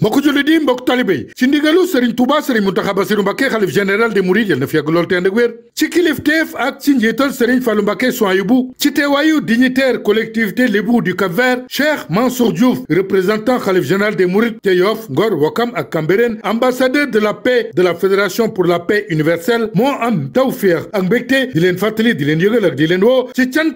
mbokk julli di talibe yi ci ndigalu sëriñ Touba sëriñ Mountakha Bassirou Mbacké xalif général des Mourides yal na fi yàgg lool te ànd ak wér ak ci njiital sëriñ Fallou Mbacké Souhaïbou ci teewaayu dignitaire collectivité lébou du Kaver, Cheikh Mansour Diouf représentant Khalif général des Mourides te Ngor Wakam ak Cambérène ambassadeur de la paix de la fédération pour la paix universelle moo am tawféex ak mbégte dilen leen dilen di ak dilen wo. ci cant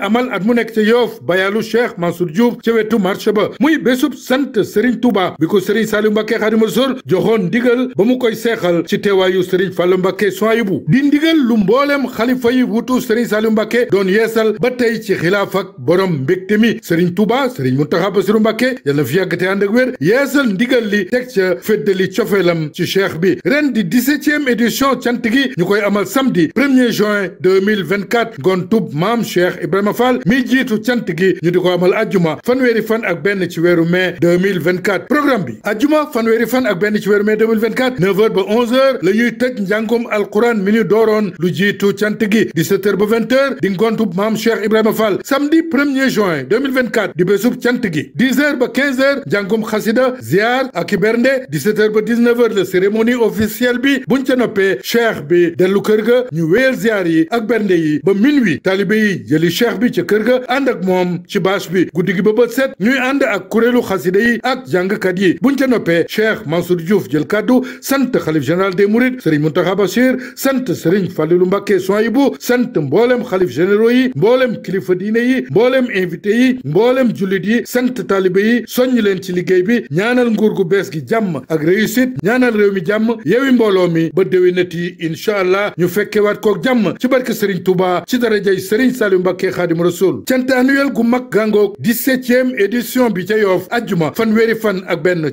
amal at mu nekk te Yoff bayalu Cheikh Mansour Diouf ci wetu marché ba muy bésub sant sëriñ Touba Serigne Saliou Mbacké Xaadimu Rasuul joxoon ndigal ba mu koy seexal ci teewaayu Serigne Fallou Mbacké bu di ndigal lu mbooleem xalifa yi wutu Serigne Saliou Mbacké doon yeesal ba tey ci xilaaf ak borom mbégte mi Serigne Touba Serigne Mountakha Bassirou Mbacké yàlla fi yàgg te ànd ak wér yeesal ndigal li teg ca feddali cofeelam ci cheikh bi ren di 17e édition cant gi ñu koy amal samedi 1er juin 2024 ngontub maam Cheikh a Fall mi jiitu cant gi ñu di ko amal ajjuma fanweeri fan ak benn ci weeru mai 2024 programme bi yi ajjuma fanweeri fan ak benn ci weeru mai 2024 neuf heures ba onze heures la ñuy tëj njàngum alquran mi ñu dooroon lu jiitu cant gi dix-sept heures ba vingt heures di ngontu maam Cheikh Ibrahima Fall samedi premier juin 2024 di bésub cant gi dix heures ba quinze heures njàngum xasida ziar ak ibernde dix-sept heures ba dix-neuf heures la cérémonie officielle bi buñ ca noppee cheikh bi dellu kër ga ñu wéyal ziar yi ak bernde yi ba minuit taalibe yi jëli cheikh bi ca kër ga ànd ak moom ci bâche bi guddi gi ba bët ñuy ànd ak kuréelu xasida yi ak jàngkat yi buñ ca noppee Cheikh Mansour Diouf jël kaddu sant xalif général des Mourides Serigne Mountakha Bachir sant Serigne Fallilou Mbacké Souhaïbou sant mboolem xalif généraux yi mboolem kilifa diine yi mboolem invité yi mboolem jullit yi sant taalibe yi soññ leen ci liggéey bi ñaanal nguur gu bees gi jàmm ak réussite ñaanal réew mi jàmm yewi mbooloo mi ba déwénat yi incha allah ñu fekkewaat kook jàmm ci barke Serigne Touba ci darajay Serigne Saliou Mbacké Khadim Rasoul cant annuel gu mag gàngoog 17e édition bi ca Yoff ajjuma fanweeri fan ak benn